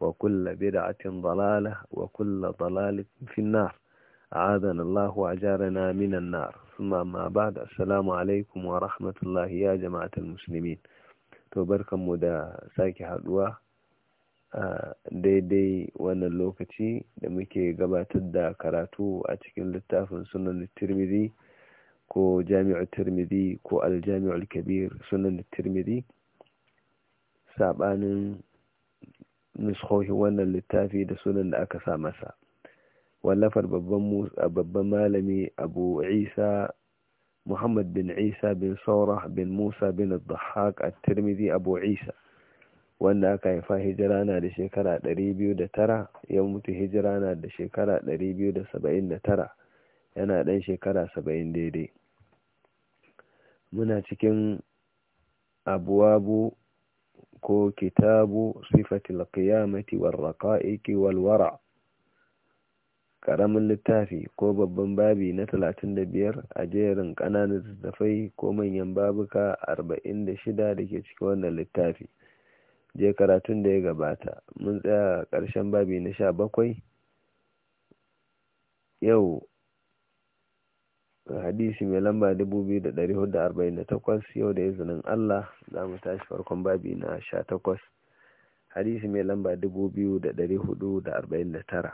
وكل بدعة ضلالة وكل ضلالة في النار أعاذنا الله وأجارنا من النار ثم ما بعد السلام عليكم ورحمة الله يا جماعة المسلمين تباركم مدى ساكي حدوة daidai wannan lokaci da muke gabatar da karatu a cikin littafin sunan tirmidhi ko jami'u tirmidhi ko aljami'ul kabir sunan tirmidhi sabanin nuskohi wannan littafi da sunan da aka sa masa wallafar babban malami abu isa muhammad bin isa bin saurah bin musa bin dhahak a tirmidhi abu isa wanda aka haifa hijira na da shekara 209 ya mutu hijira na da shekara 279 yana dan shekara 70 daidai muna cikin abuwabu ko kitabu sifatil qiyamati war raqa'iki wal wara' karamin littafi ko babban babi na 35 a jerin kananan littattafai ko manyan babuka 46 da ke cikin wannan littafi je karatun da ya gabata mun tsaya ƙarshen babi na 17 yau hadisi mai lamba 2448 yau da izinin Allah za mu tashi farkon babi na 18 hadisi mai lamba 2449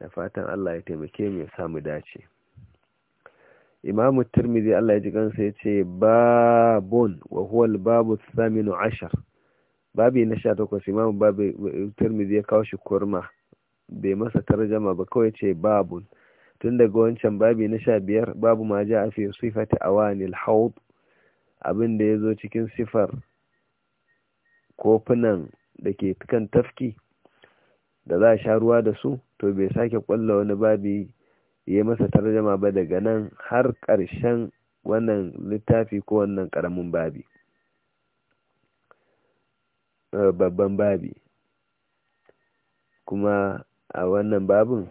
da fatan Allah ya taimake mu ya samu dace Imamu Tirmidhi Allah ya ji ya yace babun wa huwa al-babu Saminu 'ashar babi na 18 imamu Babu Tirmidhi ya kawo shi kurma bai masa tarjama ba kawai ce babun tun daga wancan babi na sha biyar babu ma ja a fi sifati awanil haud abin da ya zo cikin sifar kofunan da ke kan tafki da za a sha ruwa da su to bai sake kwallo wani babi ya masa tarjama ba daga nan har ƙarshen wannan littafi ko wannan ƙaramin babi eh, babban babi kuma a wannan babin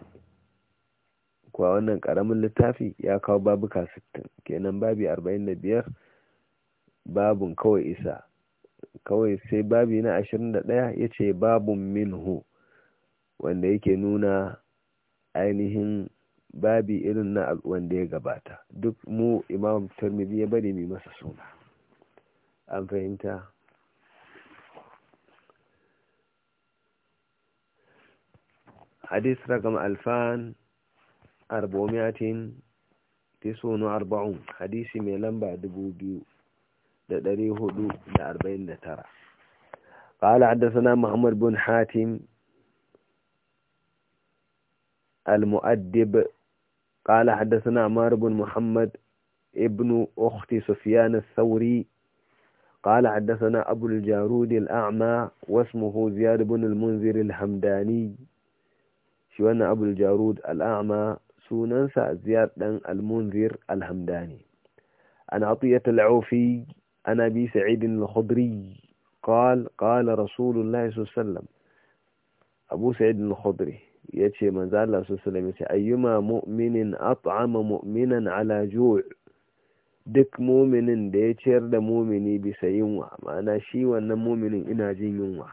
kuwa wannan ƙaramin littafi ya kawo babuka sittin kenan babi arba'in da biyar babun kawai isa kawai sai babi na ashirin da ɗaya ya ce babun minhu wanda yake nuna ainihin babi irin na wanda ya gabata duk mu imam turmidi ya bari mai masa suna an fahimta hadis ragam alfan arba'umiyatin tisunu arba'un hadisi mai lamba dubu biyu da ɗari hudu da arba'in da tara قال حدثنا محمد بن حاتم المؤدب قال حدثنا عمار بن محمد ابن أخت سفيان الثوري قال حدثنا أبو الجارود الأعمى واسمه زياد بن المنذر الحمداني شوانا أبو الجارود الأعمى sunansa ziyar ɗan almunzir alhamdani an atiyata la'ofi ana bi sa'idin al-khudri qal qala sallam abu sa'idin al-khudri yace manzo Allah sallallahu alaihi wasallam ayyuma mu'minin at'ama mu'minan ala ju' duk mu'minin da ya ciyar da mu'mini bisa yunwa ma'ana shi wannan mu'minin ina jin yunwa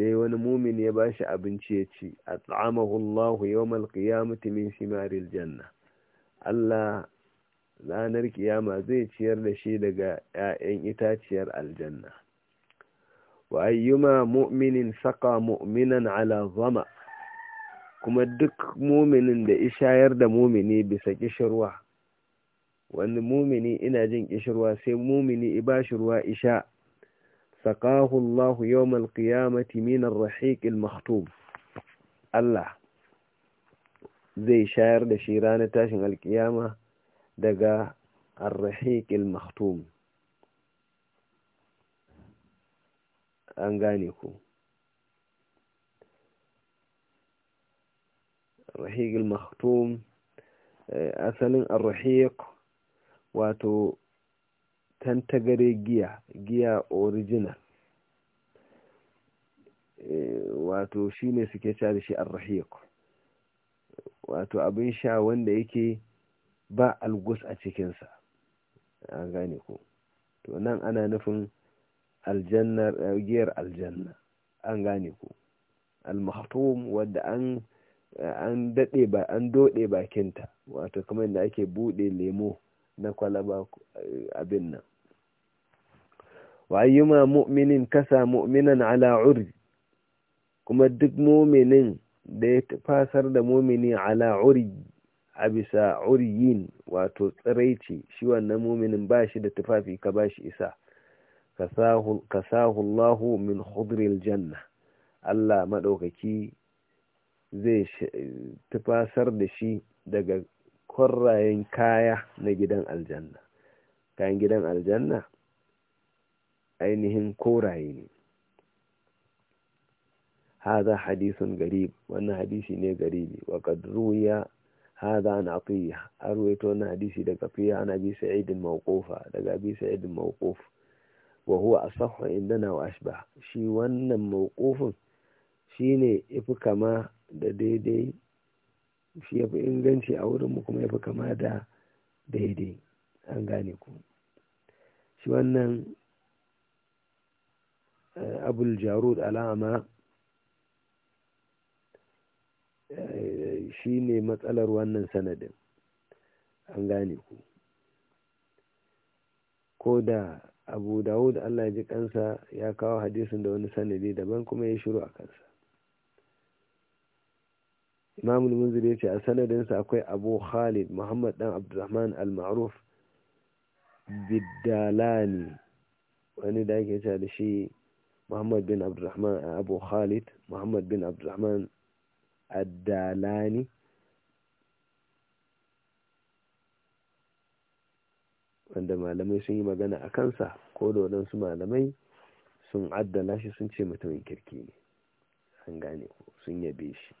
sai wani mumin ya ba shi abinci ya ci at'amahu Allahu yawmal qiyamati min shimaril janna Allah ranar kiyama zai ciyar da shi daga ‘ya'yan itaciyar aljanna. Wa ayyuma mu'minin saka mu'minan ala zama, kuma duk muminin da ishayar da mumini bisa kishirwa, wani mumini ina jin kishirwa sai mumini iba ruwa isha, سقاه الله يوم القيامة من الرحيق المخطوب الله zai shayar da shi ranar tashin alkiyama daga arrahiqil maktum an gane ku arrahiqil wato tantagare giya giya original eh, wato shi ne suke cari shi arrahiq wato abin sha wanda yake ba algus a cikinsa an gane ku to nan ana nufin aljannar giyar aljanna an gane ku almahatom wadda an an dade ba an dode bakinta wato kamar da ake bude lemo na kwalaba eh, abin nan wa ayyuma mu'minin kasa mu'minan ala kuma duk muminin da ya fasar da mumini ala uri a bisa uriyin wato tsiraici shi wannan muminin ba shi da tufafi ka ba shi isa kasahu Allahu min khudril janna Allah maɗaukaki zai tufasar da shi daga kwarrayen kaya na gidan gidan aljanna ainihin koraye ne haza hadisun garib wannan hadisi ne garibi wa kadruya haza an aqiya arwayto na hadisi daga fiya ana bi sa'idin mawqufa daga bi sa'idin mawquf wa huwa asahhu indana wa ashba shi wannan mawqufin shine ifi kama da daidai shi yafi inganci a wurin mu kuma yafi kama da daidai an gane ku shi wannan abul jarud alama shi ne matsalar wannan sanadin an gane ku ko da abu dawud allah ya ji ya kawo hadisin da wani sanadi daban kuma ya shiru a kansa imam munzir ya ce a sanadinsa akwai abu khalid muhammad dan abdulrahman almaruf maruf biddalani wani da ake cewa da shi muhammad bin abdurrahman uh, abu khalid muhammad bin abdurrahman addalani wanda malamai sun yi magana a kansa ko da waɗansu malamai sun addala shi sun ce mutumin kirki ne an gane sun yabe shi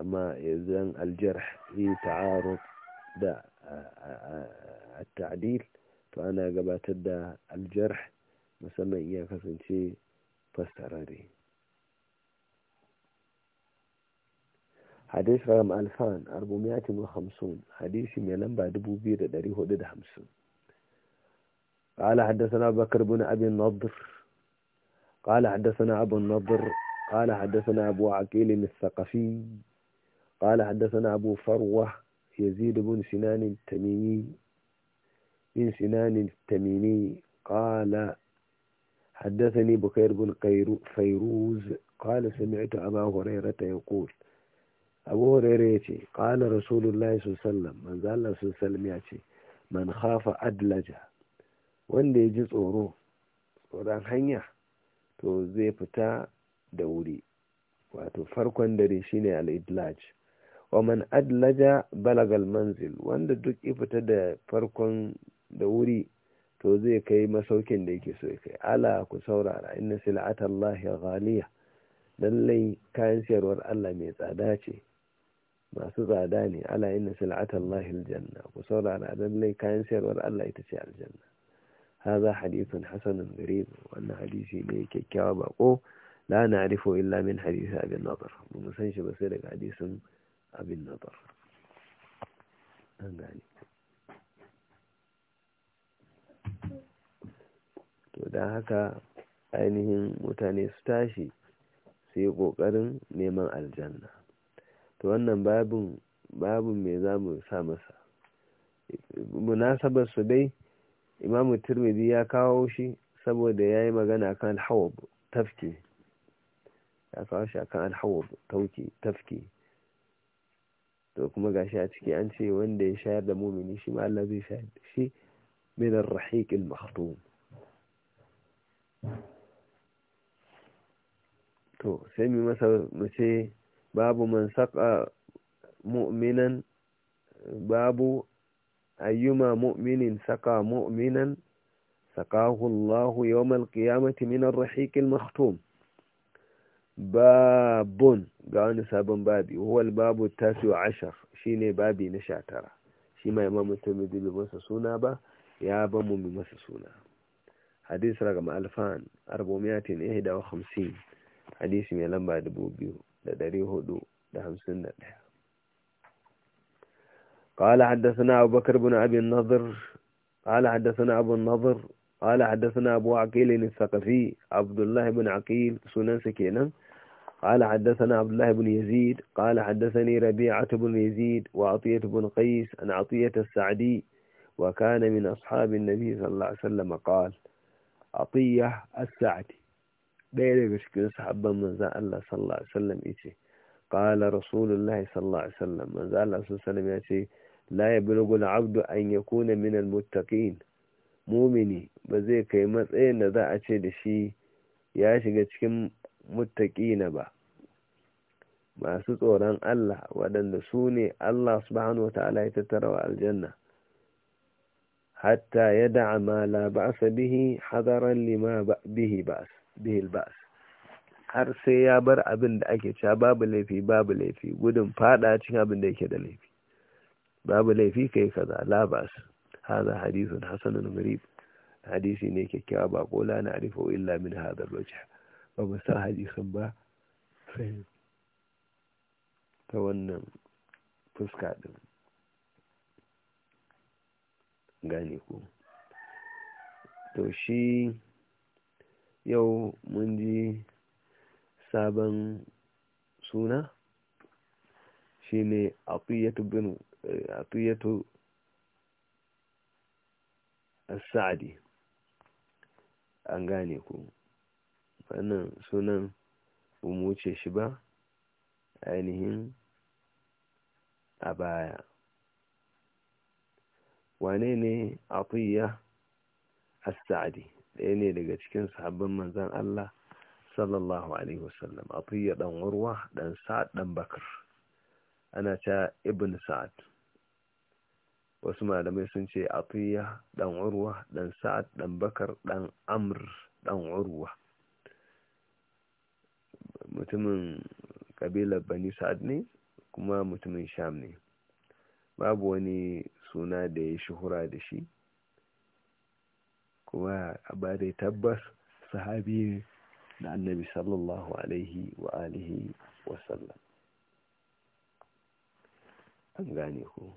amma yanzu aljar yi ta'aruf da uh, uh, a ta'adil to ana gabatar da aljar musamman iya kasance fastarare hadis ram alfan arbumiyatin wa hamsin hadisi mai lamba dubu biyu da dari hudu da hamsin قال حدثنا بكر بن أبي النضر قال حدثنا أبو النضر قال حدثنا أبو عقيل الثقفي قال حدثنا أبو فروة يزيد بن سنان التميمي بن سنان التميمي قال حدثني بكير بن فيروز قال سمعت أبا هريرة يقول أبو هريرة يتي قال رسول الله صلى الله عليه وسلم من ذا الله صلى الله عليه وسلم يتي wanda ya ji tsoro tsoron hanya to zai fita da wuri wato farkon dare shine al-idlaj wa man adlaja balagal manzil wanda duk ya fita da farkon da wuri to zai kai masaukin da yake so ya kai ala ku saurara inna sil'ata Allah ghaliya lallai kayan siyarwar Allah mai tsada ce masu tsada ne ala inna sil'ata Allah aljanna ku saurara lallai kayan siyarwar Allah ita ce aljanna hadha hadithun hasanun gharib wannan hadisi ne kyakkyawa bako la na'rifu illa min hadisi abin nadar mun san shi ba sai daga hadisin abin nadar to don haka ainihin mutane su tashi su yi ƙoƙarin neman aljanna to wannan babin babin me za mu sa masa munasabar su dai imamu turmidi ya kawo shi saboda ya yi magana kan alhawab tafki ya kawo shi alhawab tauki tafki to kuma gashi a ciki an ce wanda ya shayar da mumini shi ma Allah zai shayar da shi min rahikin al to sai mu masa mu ce babu man saka mu'minan babu ayyuma mu'minin saka mu'minan sakahu Allah al qiyamati min ar-rahiq al-makhtum babun ga wani sabon babi huwal babu tasiu ashar shine babi na 19 shi mai imamu da bi masa suna ba ya ba mu masa suna حديث رقم ألفان arbomiyatin ihda وخمسين حديث hadisi mai lamba dubu biyu da dari hudu قال حدثنا أبو بكر بن أبي النضر قال حدثنا أبو النضر قال حدثنا أبو عقيل الثقفي عبد الله بن عقيل سنن سكينا قال حدثنا عبد الله بن يزيد قال حدثني ربيعة بن يزيد وعطية بن قيس أن عطية السعدي وكان من أصحاب النبي صلى الله عليه وسلم قال atiyya as-sa'di ɗaya daga cikin sahabban manzon Allah sallallahu alaihi wasallam yace qala rasulullahi sallallahu alaihi wasallam manzon Allah sallallahu alaihi wasallam yace la yablughu al-'abdu an yakuna min al-muttaqin mumini ba zai kai matsayin da za a ce da shi ya shiga cikin muttaqina ba masu tsoron Allah waɗanda su ne Allah subhanahu wa ta'ala ya tattara wa aljanna hatta ya da'a ma labasa ba'asa bihi hadaran lima bihi ba'as har sai ya bar abin da ake cewa babu laifi babu laifi gudun fada cikin abin da yake da laifi babu laifi kai kaza la ba'as hadha hadithun hasanun gharib hadisi ne kyakkyawa ba ko la na'rifu illa min hadha al ba mu san hadisin ba sai ta wannan fuska din gane ku to shi yau mun ji sabon suna shi ne atiyatu eh, a an gane ku wannan sunan umuce wuce shi ba ainihin a baya wane ne atiyya as-sa'di ɗaya ne daga cikin sahabban manzon Allah sallallahu alaihi wasallam atiyya dan urwa dan sa'ad dan bakr ana ta ibn sa'ad wasu malamai sun ce atiyya dan urwa dan sa'ad dan bakar dan amr dan urwa mutumin kabilar bani sa'ad ne kuma mutumin sham ne babu wani suna da ya shuhura da shi kuma a ba da tabbas sahabi na annabi sallallahu alaihi wa alihi wasallam an gane ku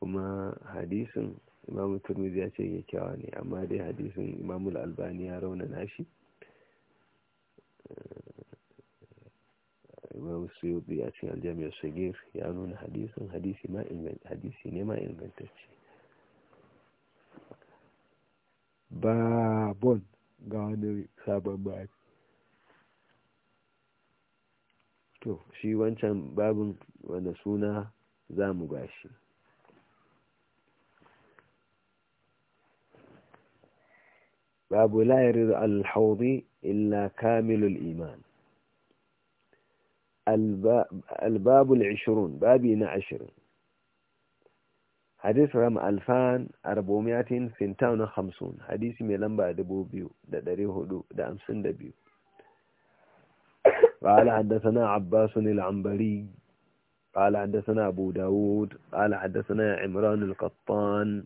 kuma hadisin imamu turmi ya ce kyawa ne amma dai hadisin imamu albani ya raunana shi imamu suyuti a cikin aljamiyar shagir ya nuna hadisin hadisi ne ma ingantacce babon ga wani sabon babi to shi wancan babin wanda suna za mu gashi babu layar alhauri illa kamilul iman الباب, الباب العشرون بابين عشرون حديث رقم خمسون حديث بعد mai lamba بيو قال حدثنا عباس العنبري قال حدثنا أبو داود قال حدثنا عمران القطان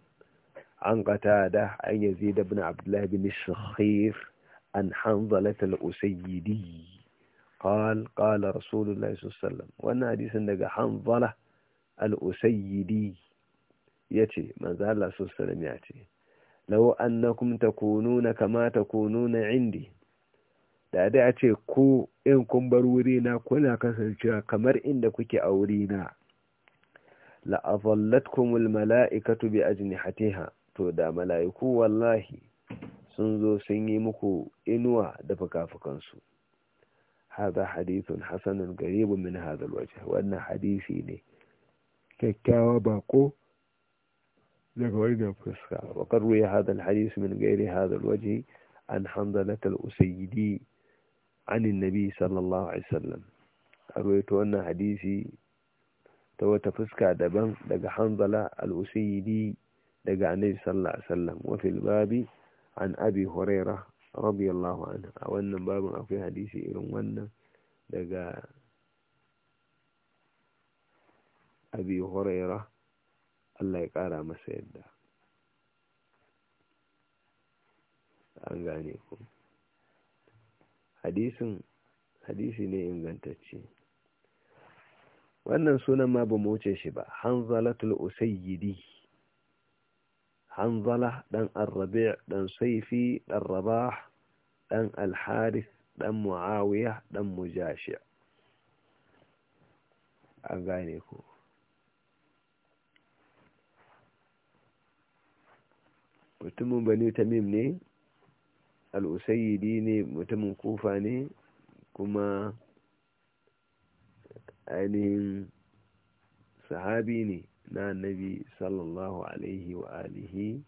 عن قتادة عن يزيد بن عبد الله بن الشخير عن حنظلة الأسيدي قال قال رسول الله صلى الله عليه وسلم وانا حديث daga Hanzala al-Usayyidi yace manzo Allah sallallahu alaihi wasallam yace law annakum takununa kama takununa indi da dai a ce ku in kun bar wuri na kuna kasancewa kamar inda kuke a wuri na la azallatkumul mala'ikatu bi ajnihatiha to da mala'iku wallahi sun zo sun yi muku inuwa da fuka-fukansu هذا حديث حسن قريب من هذا الوجه وأن حديثي كتابق لغوين فسخة وقد روي هذا الحديث من غير هذا الوجه عن حنظلة الأسيدي عن النبي صلى الله عليه وسلم أرويت أن حديثي توت فسكا دبا لقى حنظلة الأسيدي لقى النبي صلى الله عليه وسلم وفي الباب عن أبي هريرة radiyallahu anhu a wannan babin akwai hadisi irin wannan daga abi huraira Allah ya kara masa yadda an gane ku hadisin hadisi ne ingantacce wannan sunan ma ba mu wuce shi ba hanzalatul usayyidi hanzala ɗan arrabi ɗan saifi ɗan rabah ɗan alharis ɗan mu'awiya ɗan mujashi an gane mutumin bani tamim ne al'usayidi ne mutumin kufa ne kuma ainihin sahabi ne na annabi sallallahu alaihi wa alihi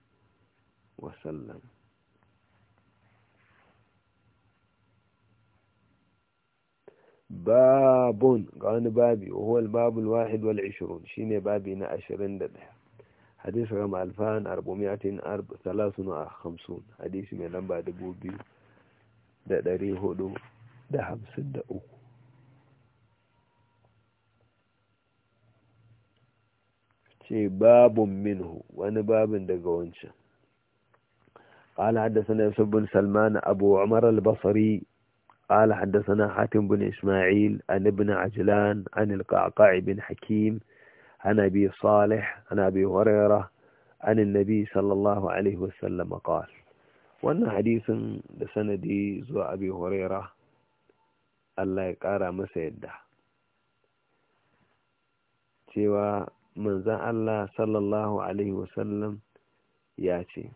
wasallam babun ga wani babi wahuwal babul wahid wal ishirun shine babi na ashirin da ɗaya hadis rama alfahan arbomiyatin salasun a hamsin hadisi mai lamba dubu biyu da dari hudu da hamsin da uku ce babun minhu wani babin daga wancan قال حدثنا يوسف بن سلمان أبو عمر البصري قال حدثنا حاتم بن إسماعيل عن ابن عجلان عن القعقاع بن حكيم عن أبي صالح عن أبي هريرة عن النبي صلى الله عليه وسلم قال وأن حديث لسندي زو أبي هريرة الله يقارى مسيده cewa manzan Allah sallallahu Alaihi wasallam ya ce,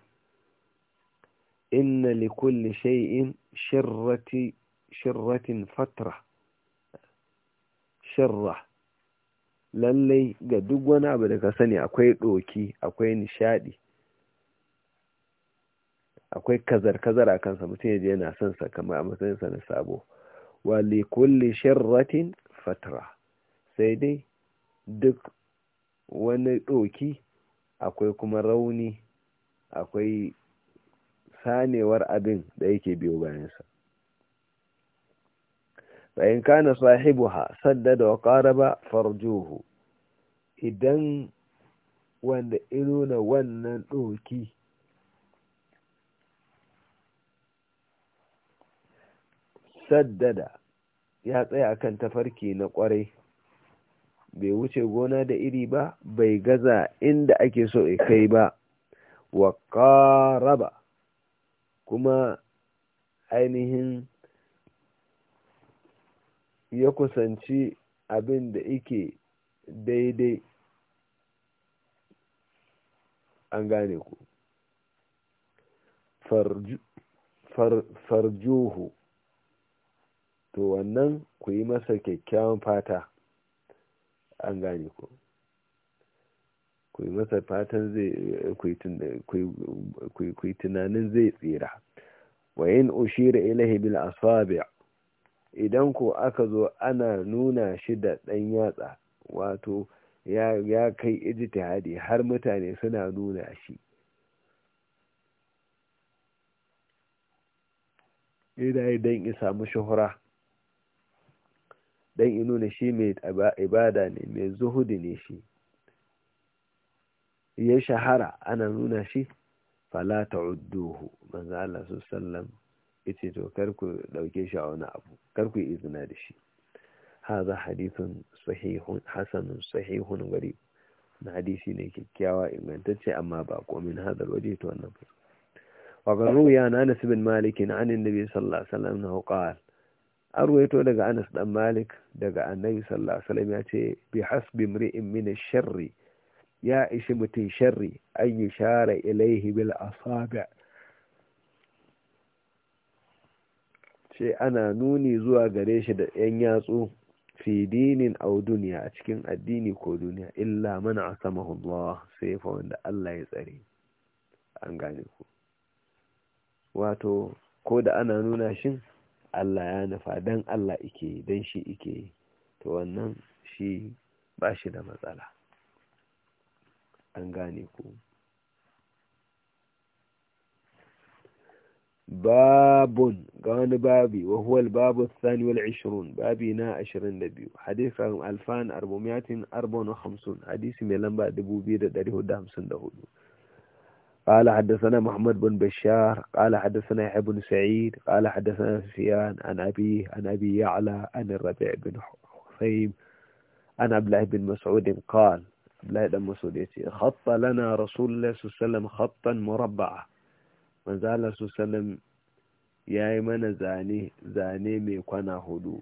Inna li kulli shay'in shirratin fatra, shirra, lallai ga duk wani abu da ka sani akwai ɗoki, akwai nishadi akwai kazar-kazar a kansa mutum ya je yana son sa kama a matsayinsa na sabo, wa li kulli shirratin fatra, sai dai duk wani ɗoki akwai kuma rauni akwai sanewar abin da yake biyo bayansa bayan kana sahibuha saddada wa qaraba farjuhu idan wanda inuna wannan ɗoki saddada ya tsaya kan tafarki na ƙwarai bai wuce gona da iri ba bai gaza inda ake so ya kai ba wa ƙaraba kuma ainihin ya kusanci abin da ike daidai an gane ku farjuhu to wannan ku yi masa kyakkyawan fata an gane ku ku yi masa fatan zai ku yi tunanin zai tsira wa yin ushira ilahi bil asabi idan ko aka zo ana nuna shi da ɗan yatsa wato ya kai ijtihadi har mutane suna nuna shi idan idan ya samu shuhura dan ya nuna shi mai ibada ne mai zuhudi ne shi ya shahara ana nuna shi fala uduhu manzo Allah sallam yace to kar ku dauke shi a wani abu kar ku izina da shi hadha hadithun sahihun hasanun sahihun gari na hadisi ne kikkiawa ingantacce amma ba komin hadal waje to wannan wa garu ya na Anas bin Malik an annabi sallallahu alaihi wasallam qala arwaito daga anas dan malik daga annabi sallallahu alaihi wasallam ya ce bi hasbi mri'in min sharri ya ishi mutum sharri an yi share ilaihi bil asaba ce ana nuni zuwa gare shi da yan yatsu fi dinin au duniya a cikin addini ko duniya illa man asamahu Allah sai fa wanda Allah ya tsare an gane ku wato ko da ana nuna shin Allah ya nufa dan Allah ike dan shi ike to wannan shi ba shi da matsala an gane ku babun ga wani babi wahuwal babu thani wal babi na ashirin da biyu hadis alfan arbomiyatin arbon hamsin hadisi mai lamba dubu biyu da dari hudu hamsin da hudu قال حدثنا محمد بن بشار قال حدثنا يحيى بن سعيد قال حدثنا سفيان عن أبيه عن أبي يعلى عن الربيع بن حصيب عن عبد الله بن مسعود قال عبد الله بن مسعود خط لنا رسول الله صلى الله عليه وسلم خطا مربعا ما زال صلى الله عليه وسلم يا من زاني زاني ميكونا هدو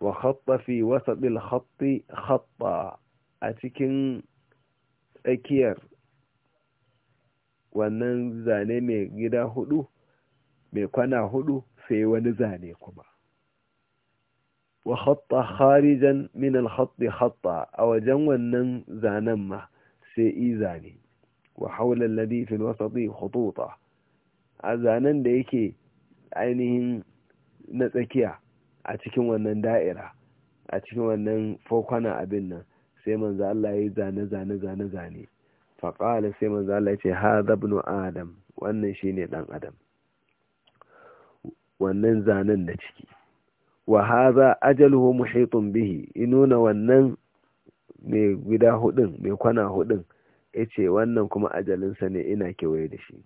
وخط في وسط الخط خطا أتكن أكير wannan zane mai gida hudu mai kwana hudu sai wani zane kuma wa hatta kharijan min al-khatti hatta a wajen wannan zanen ma sai i zane wa hawla alladhi fi al-wasati khututa a zanen da yake ainihin na tsakiya a cikin wannan da'ira a cikin wannan fokwana abin nan sai manzo Allah ya yi zane zane zane zane faƙali sai manzo Allah ce hadha ibn adam wannan shine dan adam wannan zanen da ciki wa hadha ajaluhu muhitun bihi inuna wannan mai gida hudin? mai kwana hudun yace wannan kuma ajalinsa ne ina kewaye da shi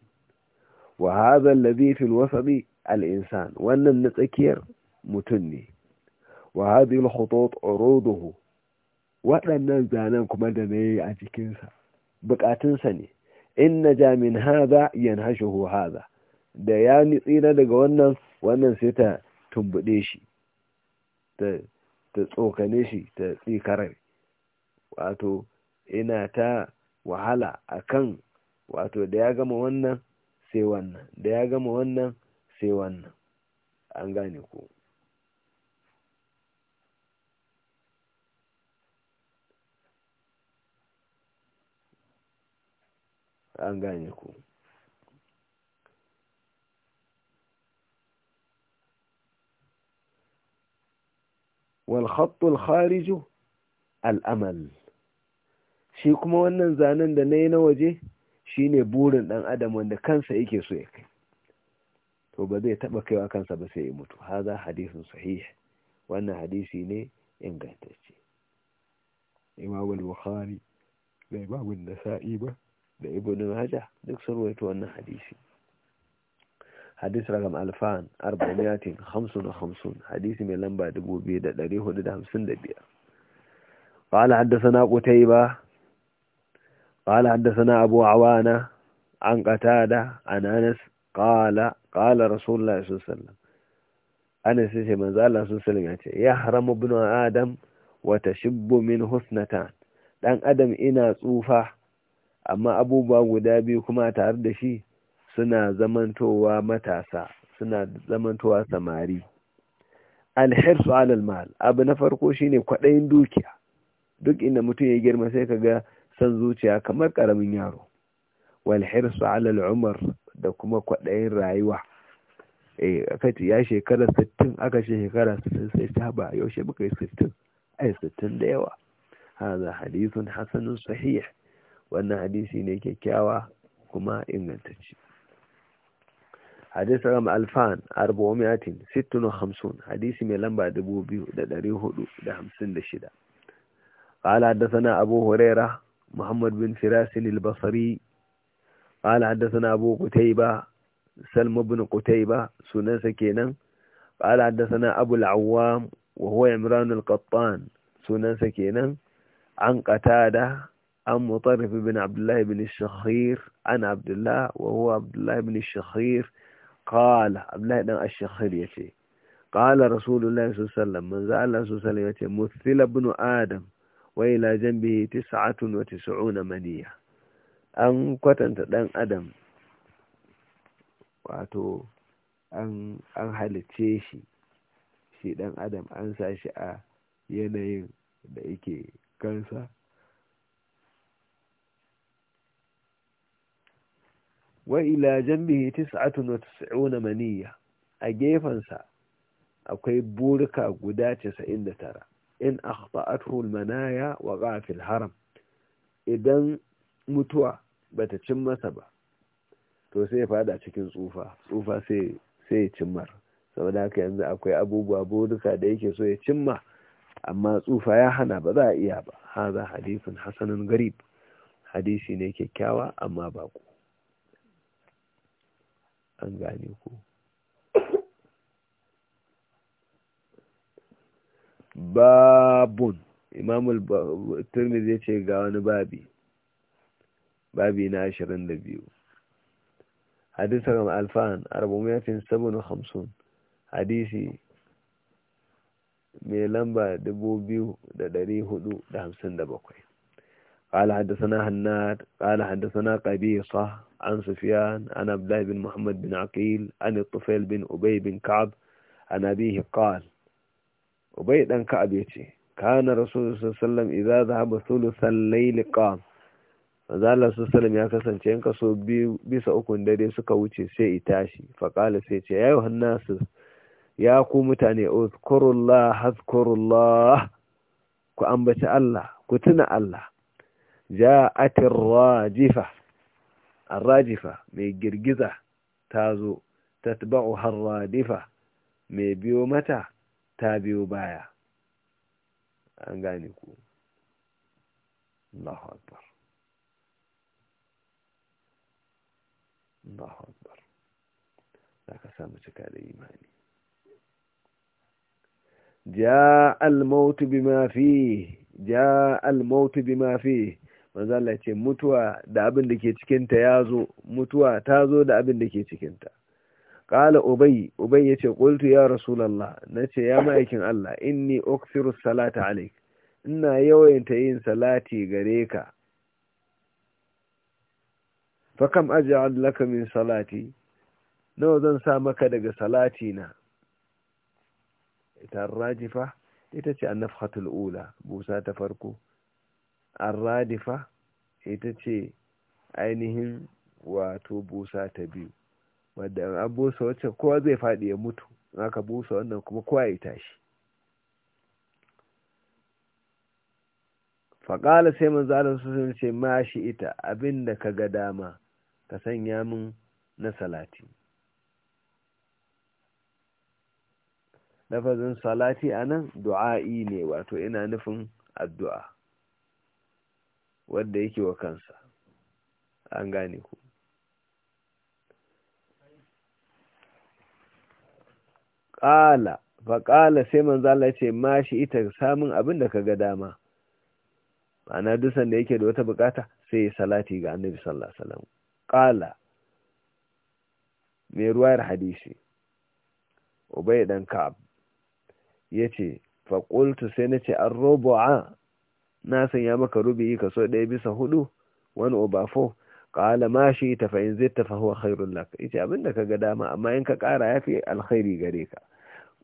wa hadha alladhi fil wasabi al insan wannan na tsakiyar mutum ne wa hadhihi al khutut uruduhu waɗannan zanen kuma da ne a jikinsa bukatunsa ne in na ja min haza yanhashuhu haza da ya nitsi na daga wannan wannan sai ta tumbuɗe shi ta tsokane shi ta tsikarar wato ina ta wahala akan wato da ya gama wannan sai wannan da ya gama wannan sai wannan an gane ku an gane ku walhattul khariju al'amal shi kuma wannan zanen da nayi na waje shine burin ɗan adam wanda kansa yake so ya kai to ba zai taɓa kaiwa kansa ba sai ya mutu haza hadisin sahih wannan hadisi ne ingantacce imamul bukhari da an nasa'i ba da ibnu maja duk sun ruwaito wannan hadisi Hadisi ragam alfan arba'iyatin khamsun wa khamsun hadisi mai lamba dubu biyu da ɗari hudu da hamsin da biyar qala haddathana qutayba qala haddathana abu awana an qatada an anas qala qala rasulullah sallallahu ana sai sai manzo Allah sun sallam ya ce ya haram ibnu adam wa tashbu min husnata. dan adam ina tsufa amma abubuwa guda biyu kuma tare da shi suna zamantowa matasa suna zamantowa samari alhirsu alal mal abu na farko shine kwaɗayin dukiya duk inda mutum ya girma sai ka ga san zuciya kamar ƙaramin yaro walhirsu alal umar da kuma kwaɗayin rayuwa eh ya shekara 60 aka ce shekara 60 sai ta ba yaushe muka yi 60 ai 60 da yawa Haza hadithun hasanun sahih wannan hadisi ne kyakkyawa kuma ingantacce hadis ram alfan hamsin hadisi mai lamba dubu 2456 qala hadathana abu huraira muhammad bin firas al-basri qala hadathana abu qutaiba Salma ibn qutaiba sunansa kenan qala hadathana abu al-awwam wa huwa sunansa kenan an da. عن مطرف بن عبد الله بن الشخير عن عبد الله وهو عبد الله بن الشخير قال عبد الله بن الشخير يتي قال رسول الله صلى الله عليه وسلم من زال الله صلى الله عليه وسلم مثل ابن آدم وإلى جنبه تسعة وتسعون منية أن كتنت دان آدم wato أن halicce shi shi dan adam an sa shi a yanayin da wa ila jambihi tis'atun wa tis'una maniyya a gefansa akwai burka guda 99 in akhta'athu al-manaya wa qa'a haram idan mutuwa bata cin masa ba to sai ya fada cikin tsufa tsufa sai sai ya cimmar saboda haka yanzu akwai abubuwa burka da yake so ya cimma amma tsufa ya hana ba za a iya ba haza hadisin hasanun garib hadisi ne kyakkyawa amma ba bako an gane ku babun imamul turmiz ya ce ga wani babi babi na ashirin da biyu hadisar alfahan alfan arba'umiyatin sabon hamsin hadisi mai lamba dubu biyu da dari hudu da hamsin da bakwai قال حدثنا هناد قال حدثنا قبيصة عن سفيان عن عبد الله بن محمد بن عقيل عن الطفيل بن أبي بن كعب عن أبيه قال أبي بن كعب يتي كان رسول صلى الله عليه وسلم إذا ذهب ثلث الليل قام maza Allah su salam ya kasance in kaso bisa ukun dare suka wuce sai itashi faƙala sai ce ya yohan ya ku mutane uzkurullah hazkurullah ku ambaci Allah ku tuna Allah ja'atir rajifa mai girgiza ta zo tatba'u harradifa mai biyo mata ta biyo baya an gane ku Allahu samu cika da imani ja al bima fi manzo Allah ce mutuwa da abin da ke cikinta ya zo mutuwa ta zo da abin da ke cikinta qala ubay ubay yace qultu ya rasulullah nace ya ma'aikin Allah inni uksiru salata alayk ina yawayanta yin salati gare ka fa kam aj'al laka min salati nawa zan sa maka daga salati na ita rajifa ita ce annafhatul ula busa ta farko arradifa ita ce ainihin wato busa ta biyu wadda an busa wacce kowa zai faɗi ya mutu aka busa wannan kuma kowa ya tashi faƙala sai manzo Allah sun ce ma shi ita abinda ka ga dama ka sanya min na salati lafazin salati anan du'a'i ne wato ina nufin addu'a wadda yake wa kansa an gane ku ƙala ƙala sai manzala ce ma shi ita samun abin da ka ga dama ana dusan da yake da wata bukata sai salati ga annabi sallallahu alaihi wasallam ƙala mai ruwayar hadisi ubai dan ka'ab yace qultu sai nace ar-rubu'a na sanya maka rubi'i kaso ɗaya bisa hudu wani over four qala ma shi ta zai in zitta khairun ita abin yace abinda kaga dama amma in ka kara fi alkhairi gare ka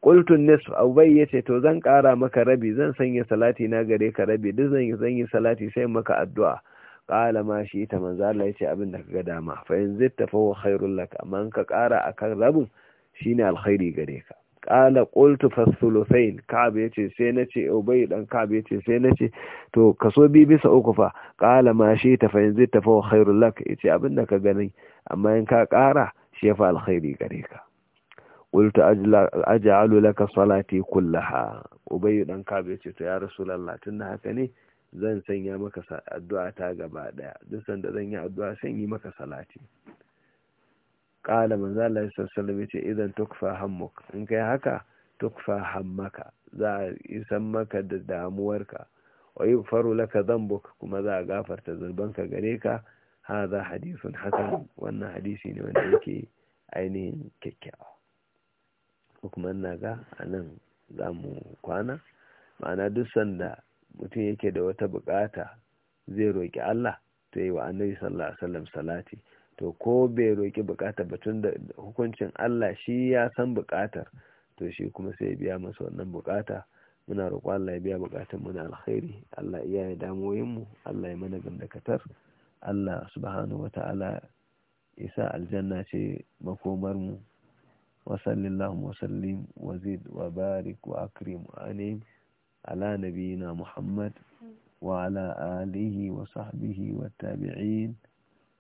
ƙultun nes abubai ya ce to zan kara maka rabi zan sanya salati na gare ka rabi duk zan yi zan salati sai maka addu'a qala ma shi ta manza Allah yace abinda kaga dama fa zai ta fa khairun amma in ka kara akan rabin shine alkhairi gare ka kala qultu fasulusain ka'ab yace sai nace ubay dan ka'ab yace sai nace to kaso bi bisa uku fa Kala ma shi ta fa yanzu ta fa khairul lak yace abinda ka gani amma in ka kara shi fa alkhairi gare ka qultu aj'alu laka salati kullaha ubay dan ka'ab yace to ya rasulullah tunda haka ne zan sanya maka addu'a ta gaba daya duk sanda zan yi addu'a sun yi maka salati kala manzo Allah ya sallallahu ce idan tukfa hammuk in kai haka tukfa hammaka za a isan maka da damuwarka wa faru laka dhanbuk kuma za a gafarta zulbanka gare ka hadha hadithun hasan wannan hadisi ne wanda yake ainihin kyakkyawa kuma ina ga anan zamu kwana ma'ana duk sanda mutum yake da wata bukata zai roki Allah to yi wa annabi sallallahu alaihi wasallam salati to ko bai roƙi buƙatar batun da hukuncin Allah shi ya san bukatar to shi kuma sai biya masa wannan buƙata muna roƙo Allah ya biya buƙatun mu na alkhairi Allah iya ya damoyin mu Allah ya mana gandakatar Allah subhanahu wata'ala isa aljanna ce makomar mu wa sallallahu wa sallim wa zid wa barik wa akrim anim ala nabiyina muhammad wa ala alihi wa sahbihi wa tabi'in